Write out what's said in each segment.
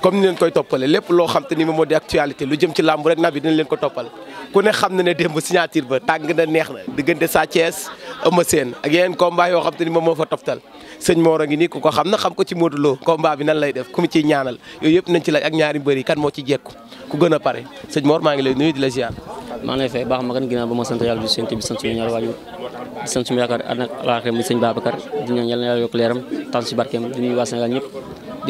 comme ni leen koy toppale lépp loo xam te ni moom moo di actualité lu jëm ci làmb rek nabi dina leen ko toppal ku ne xam na ne démb signature ba tàng na neex na diggante Sa Thiès Eumeu Sène ak yeneen combat yoo xam te ni moom moo fa toftal sëñ Mor a xam ko ci Modou Lo combat bi nan lay def ku mu ciy ñaanal yooyu yëpp yi kan moo ci jekku ku a pare ngi lay nuyu di la ziar. maa ngi lay fay baax ma kan ginnaaw ba ma sant yàlla di di sant suñu yaakaar ànd ak alaaxira muy yokk leeram tan si barkeem di nuyu waa Sénégal ñëpp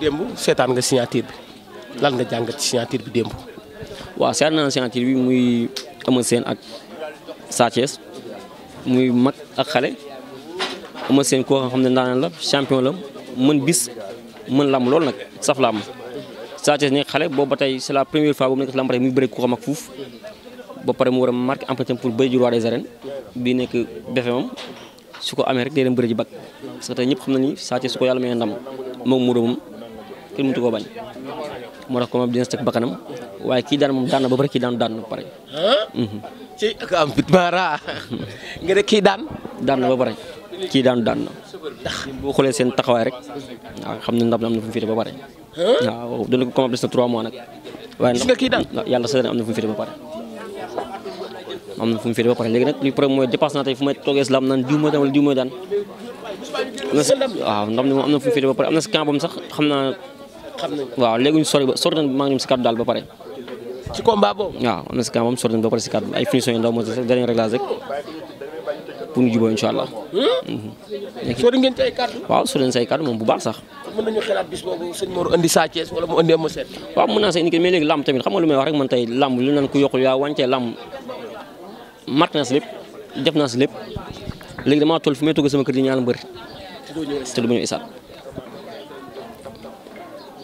démb seetaan nga signature bi lan nga jàngat ci bi démb. waaw seet naa signature bi muy Eumeu Sène ak Sa Thiès muy mag ak xale Eumeu Sène koo xam ne ndaanaan la champion la mën bis mën lam lool nag saf lam Sa Thiès nekk xale boobu ba tey la première fois bu nekk si lamb muy bëri ko ak fuuf ba mu war a marqué empreinte pour bëri ji roi des arènes bi nekk defe su ko amee rek day dem bëri bag parce que tey xam na ni Sa Thiès su ko yàlla may ndam moom kenn mëntu koo bañ moo tax comme dina si teg bakkanam waaye kii daan moom daan na ba pare kii daan daan na ba pare. ci am kii daan. na ba pare kii daan daan na ndax boo xoolee seen taxawaay rek waaw xam ne ndam am na fu ba pare. waaw dina ko comme des na 3 mois nag. waaye gis nga kii daan yàlla sa am na fu mu féete ba pare. am na fu mu ba pare léegi nag li problème mooy naa tey fu may toogee si la naan diw mooy daan wala diw mooy daan. waaw ndam li na fu mu féete ba pare am na si camp sax xam naa waaw léegi ñu sori ba sori maa ngi ñoom si kàddu daal ba pare. ci combat boobu. waaw am na si kàddu sori nañ ba pare si kàddu ay finition yu ndaw moo si rek rek pour ñu jubóo incha allah. Hmm? Mhm. sori ngeen ci ay kàddu. waaw sori nañ moom bu baax sax. mën nañu xalaat bis boobu sëñ Sa Thiès wala mu andi Eumeu Sène. waaw mën naa sa indi mais léegi làmb tamit xam nga lu may wax rek man tay làmb lu ko yokkul yaa wàncee làmb mat naa si lépp def naa si lép léegi damaa toll fi may togg sama kër di ñaan mbër te du ma ñëw isaat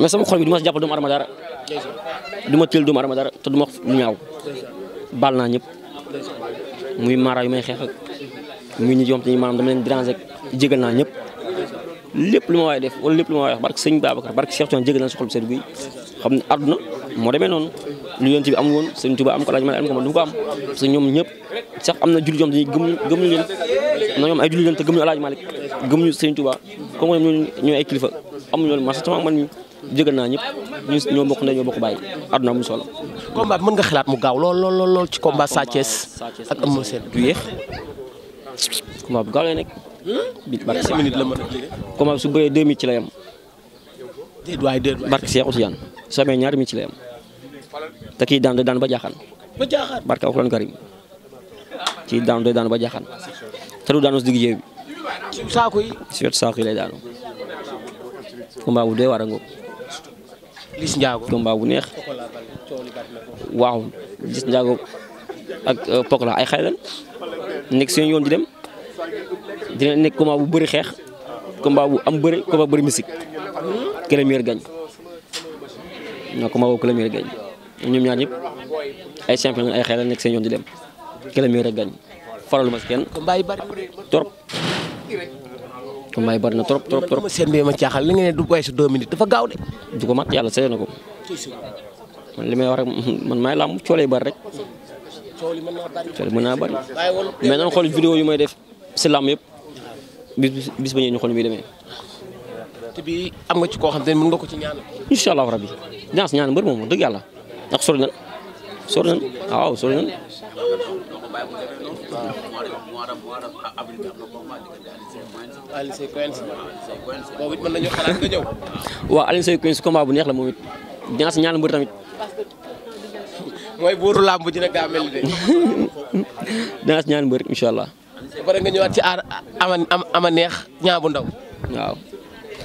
mais sama xol bi du ma si jàppal du ma arama dara du ma teel du ma arama dara te du ma lu ñaaw baal naa ñëpp muy mara yu may xeex ak muy nit yoo xam te ni dama leen déranger jégal naa ñëpp lépp lu ma waaye def wala lépp lu ma waaye barke sëñ Babacar barke Cheikh Tidiane jégal naa si xol bi sedd guy xam ne àdduna moo demee noonu lu yonent bi am woon sëñ Tuba am ko laaj ma am ko man du ko am parce que ñoom ñëpp sax am na jullit yoo xam te gëm gëm ñu leen na ñoom gëm ñu alaaj Malik amuñu woon marché sama man jëgg naa ñëpp ñoo bokk ndey ñoo bokk bàyyi àdduna amul solo. combat bi mën nga xalaat mu gaaw lool lool lool ci combat Sa Thiès ak Eumeu Sène bu gaaw lay nekk. a jege. su bëree deux minutes ci lay am. déedéet waay déedéet barke Cheikh Ousmane su amee ñaari minutes ci lay am te kii daan doy daan ba jaaxaan. ba jaaxaan barke Alxuraan Karim kii daan ba jaaxaan te du daanu si digg bi. ci saako yi ci wetu lay daanu. combat bu doy waar a ngoog. Liss Ndiago bu neex. waaw Liss Ndiago ak euh, Pokola ay xale lan nekk seen yoon di dem dina nekk combat bu bari xeex combat bu am bëri combat bëri musique. que le meilleur gagne non combat boobu que ñaar ñëpp ay champion ay xale lan nekk seen yoon di dem que le meilleur gagne si kenn. trop. combat yi bari na trop trop trop. seen bi ma caaxal li nga ne du weesu deux minutes dafa gaaw de. du ko mat yàlla seey na ko. man li may wax rek man maay làmb coole yi bari rek. coole mën naa bari. mais nan xool vidéo yu may def si làmb yëpp bis bis ba ñëwee ñu xool mi demee. bi am nga ci koo xam te ne mën nga ko ci ñaan. incha allahu rabi dinaa si ñaan mbër moom dëgg yàlla ndax sori na sori na Alioune Seye Quench boobu it waaw Alioune bu neex la moom it dinaa si ñaanal mbër tamit. mooy buuru làmb ji nag daa mel ni de. dinaa nga ñëwaat ci ama ama neex ñaabu ndaw. waaw.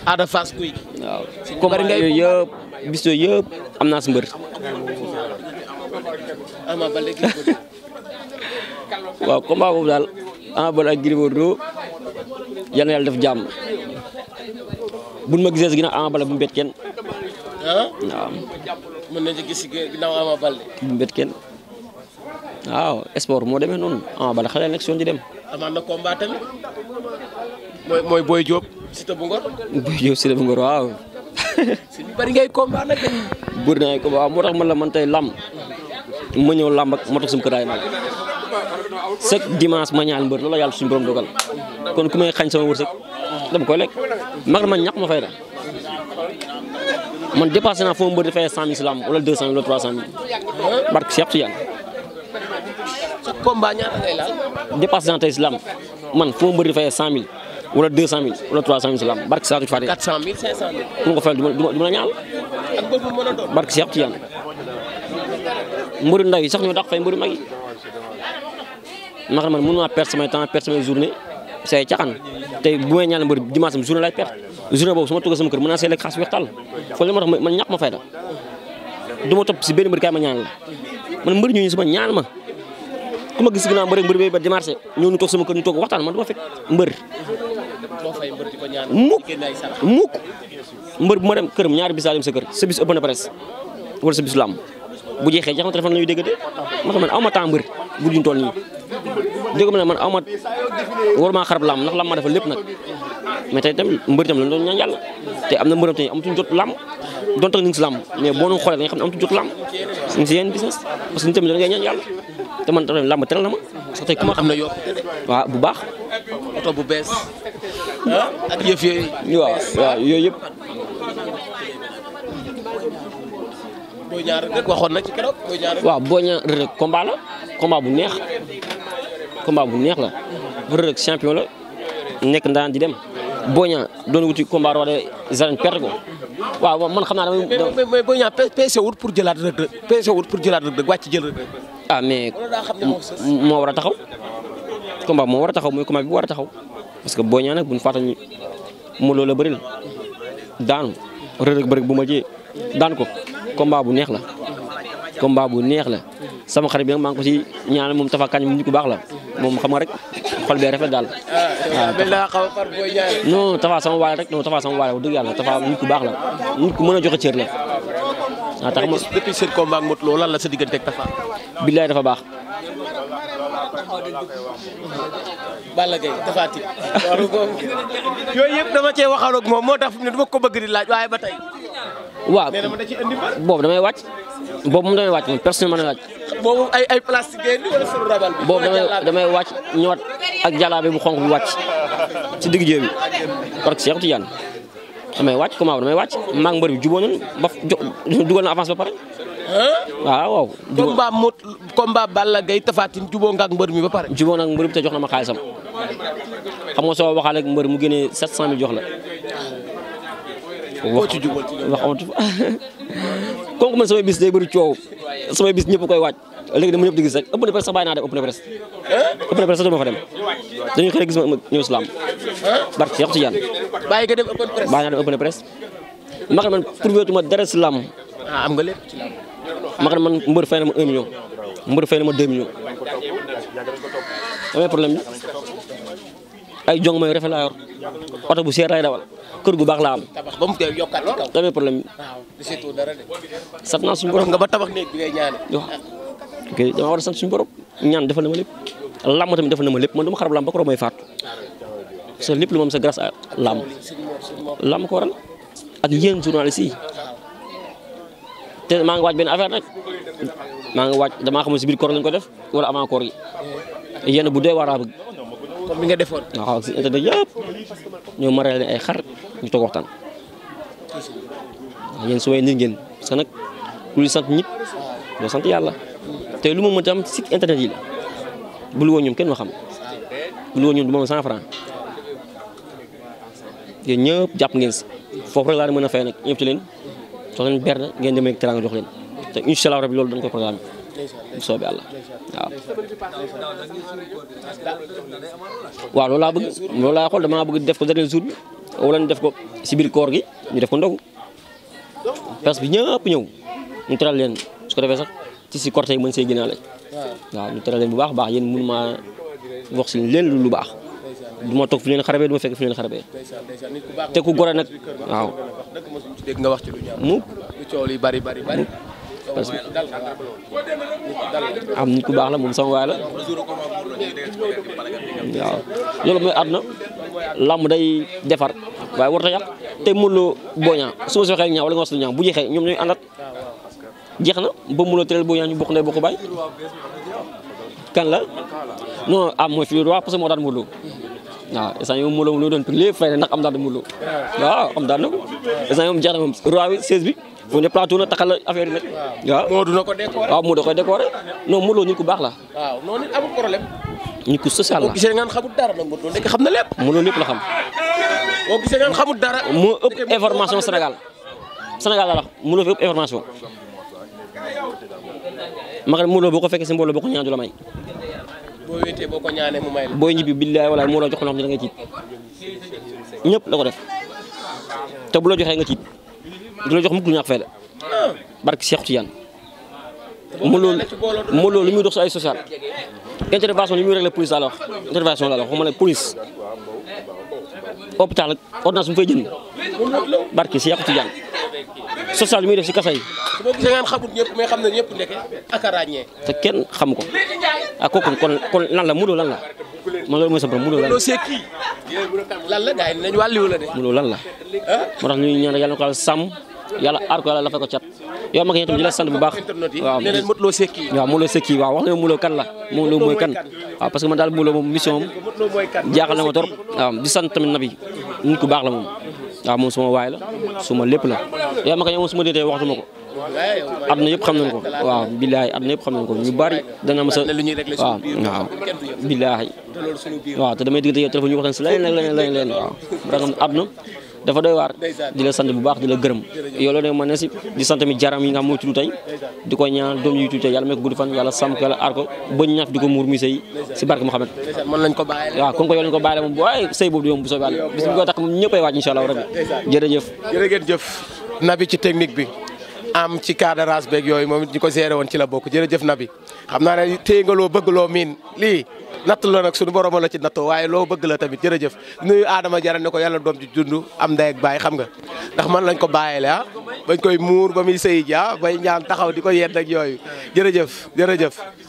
aada fas kuy. waaw combat yooyu yëpp bis yëpp am naa si mbër. ama ba léegi. boobu daal ama ba ak Gris Bordeaux yal na yàlla def jàmm buñ ma gisee si ginnaaw Ama Baldé bu mu bett kenn. waaw. gis ginnaaw bu mu sport moo demee noonu Ama xale nekk soo yoon dem. amaan na combat tamit mooy mooy Boy Diop. Siteu bu Ngor. Boy Diop Siteu bu Ngor waaw. bari ngay combat nag. moo tax man la man tey làmb ma ñëw làmb ak moo tax suñu kër chaque dimanche ma ñaan mbër loola yàlla suñu borom dogal kon ku may xañ sama wërsëg dama koy lekk mag man ñàkk ma fay da man dépassé naa foo mbër di fay cent mille lam wala deux cent mille wala trois cent mille barke si yàpp si yàlla sa combat ñaata ngay laal dépassé naa tey man foo mbër di fay cent mille wala deux cent mille ñaal ak boobu mën a doon barke si yàpp yi mag yi ma xam ne man mënu maa perte samay temps perte samay journée say caxaan tey bu may ñaan mbër dimanche am journée lay perte journée boobu su ma toogee sama kër mën naa see lekk xaas weex la ma tax man ñàkk ma fay la du ma topp si benn mbër kaay ma ñaan la man mbër ñooñu sama ñaan ma ku ma gis ginnaaw mbër mbër bay ba démarché ñoo ñu toog sama mbër bu ma dem këram ñaari bis laa dem sa kër sa bis ëpp na presse wala sa bis làmb bu jeexee jeex na téléphone la ñuy dégg de ma xam ne aw ma bu duñ toll nii dégg na man aw war maa xarab làmb ndax làmb ma dafa lépp nag mais tey tamit mbër tam lañ doon ñaan yàlla te am na mbëram tey amatuñ jot làmb doon si làmb mais boo doon da xam ne jot làmb ñu ngi si yenn business parce que tamit da ngay yàlla te man tamit làmb teral na ma sax tey ku xam ne yokk waaw bu baax oto bu bees ah, yooyu yëpp boo ñaar rek na ci keroog boo waaw boo ñaar rek combat la bu neex combat bu neex la Reug Reug champion la nekk ndaan di dem Boy Niang doon wuti combat roi des perte ko waaw man xam naa damay. mais mais Boy Niang peese wut pour jëlaat Reug Reug peese wut pour jëlaat Reug Reug wàcc jël Reug Reug. ah mais moo war a taxaw combat moo war a taxaw mooy combat bi war taxaw parce que Boy Niang nag bu ñu fàttali mu loolu la bëri la daanu Reug Reug bëri daan ko combat bu neex combat bu neex la sama xarit bi nag maa ngi ko ci ñaanal moom Tafa Kañ mu nit ku baax la moom xam nga rek xol bee rafet daal ah, waaw non Tafa sama waale rek non Tafa sama waale wax dëgg yàlla Tafa nit ku baax la nit ku mën a joxe cër la waaw tax ma depuis seen combat ak Modou Lo lan la sa diggante baax waaw nee boobu damay wàcc boobu moom damay wàcc moom personne mën a wàcc. boobu ay ay plastique ngeen boobu damay damay wàcc ñëwaat ak jàllaabe bu xonk bi wàcc ci digg jéem bi parce que Cheikh Tidiane damay wàcc comment damay wàcc maa ngi mbër bi jubóo nañu ba dugal na avance ba pare. waaw waaw. juboo mot combat Balla ak mbër mi ba pare. jubóo na mbër bi te jox na ma xaalisam xam nga soo waxaale ak mbër mu génnee 700000 jox la. koo ci jubal ci wax amatu fa comme man samay bis day bëri coow samay bis ñëpp koy waaj léegi dama ñëpp di gis rek ëpp na presse sax bàyyi naa dem ëpp na presse ëpp na fa dem dañuy xëy gis ma ñëw si lamb barke Cheikh Tidiane bàyyi dem ëpp naa dem ëpp na presse ma xam man prouvé tuma dara si lamb ah, am ma xam man mbër fay na ma 1 million mbër fay na ma 2 millions amee problème ay jong may rafet laa oto bu seer lay dawal kër gu baax laa am. tabax mu koy yokkaat ci kaw. amee problème waaw di seetlu dara de. sant naa nga ba tabax néeg bi ngay ñaane. waaw ok dama war ñaan defal na ma lépp làmb tamit defal na ma lépp man dama xarab làmb ba ko may faatu. parce lépp lu moom sa grâce à làmb làmb ko waral ak yéen journaliste yi te maa ngi waaj benn affaire nag maa ngi waaj damaa xamul si biir koor lañ ko def wala avant koor yi yéen bu dee war comme bi nga defoon. waaw si internet yëpp ñoo maral leen ay xar ñu toog waxtaan. waaw yéen su nit ngeen parce que nag ku sant ñit doo sant yàlla te lu ma mënti am site internet yi la bu woon ñoom kenn ma xam bu lu woon ñoom du ma am 100 francs yéen ñëpp jàpp ngeen si foofu rek laa mën a fay nag ñëpp ci leen jox leen berne ngeen demee ak teraanga jox leen te incha allah loolu dañ ko programme soobee yàlla waaw. waaw loolu laa bëgg loolu laa xool damaa bëgg def ko dernier jour bi wala def ko si biir koor gi ñu def ko ndogu parce que ñëpp ñëw ñu teral leen su ko defee sax ci si cortège yi mën see gënaale waaw ñu teral leen bu baax baax yéen mënu maa wax si leen lu baax. du ma toog fi leen xarabee du ma fekk fi leen xarabee te ku gore nag waaw. nga wax ci lu ñaaw mu bari bari parce que am nit ku baax la moom sama waay la waaw loolu mooy àdduna làmb day defar waaye warut yàq te mënuloo booñaa su ma si ñaaw wala nga wax si ñaaw bu jeexee ñoom ñooy àndat jeex na ba mënuloo tëral booñaa ñu bokk ndey bokk baay kan la non ah mooy fii roi parce que moo daan mënuloo. waaw instant yii moom Modou Lo moom li doon ndax am daan na Modou Lo waaw am daan na ko instant yii nit ku baax la. waaw non nit amul ku social la boo gisee xam na lépp. Modou lépp la xam. boo gisee information Sénégal Sénégal laa wax Modou boo ko fekkee si mbooloo boo ko ñaan may. boo wéetee boo ko ñaanee booy ñibbi billaay walaay moo la jox loo xam ne nga ciit ñëpp la ko def te bu la joxee nga ciit du la jox mukk ñaax fee la barke Cheikh Tidiane mu loolu mu loolu lu muy dox si ay social intervention li muy régler police laa la wax intervention laa la wax xuma ne police hôpital ak ordonnance mu fay jënd barke Cheikh Tidiane social bi muy def si kasa yi. ñëpp xam na ñëpp ndeke a te kenn xam ko ah kooku kon lan la Modou Lo lan la man loolu mooy sa borom Modou Lo lan la. lan la gars yi nañu wàllu la de. Modou lan la. Ah? moo tax ñuy ñaan yàlla na ko daal sàmm yàlla aar ko la ko cat yow ma ngi itam di la sant bu baax waaw nee nañ Modou Lo Sekki waaw Modou Lo Sekki waaw wax na Modou kan la Modou Lo mooy kan que daal Modou Lo moom mission na ma trop waaw di sant tamit nabi nit ku baax la moom waaw ah, moom suma waay la suma lépp la yaa ma kañ moom suma déetee waxtuma ko àdduna yëpp xam nañ ko waaw billaahi àdduna yëpp xam nañ ko ñu bari dana ma sa waaw waaw billaahi waaw te damay diggante yow téléphone ñu waxtaan si leneen leneen leneen waaw da nga àdduna dafa doy waar di la sant bu baax di la gërëm yow ma ne si di sant mi jaram yi nga mooy tudd tey di ko ñaan doom yi tudd tey yàlla may ko gudd fan ko yàlla aar ko ba ñaaf di ko muur mi sëy si barke Muhammad waaw kon ko boobu di moom bu soobee yàlla bis ko tax moom ñëppay waaj insha allah rabbi jërëjëf jërëjëf nabi ci technique bi am ci cadrage beeg yooyu moom ñu ko géré woon ci la bokk jërëjëf nabi xam naa ne téye nga loo bëgg loo miin lii natt la nag suñu borom la ci nattoo waaye loo bëgg la tamit jërëjëf nuyu Adama Jara ko yalla doom ji jundu am ndey ak baay xam nga ndax man lañ ko bàyyee la bañ koy muur ba muy sëy ja bay ñaan taxaw di ko yedd ak yooyu jërëjëf jërëjëf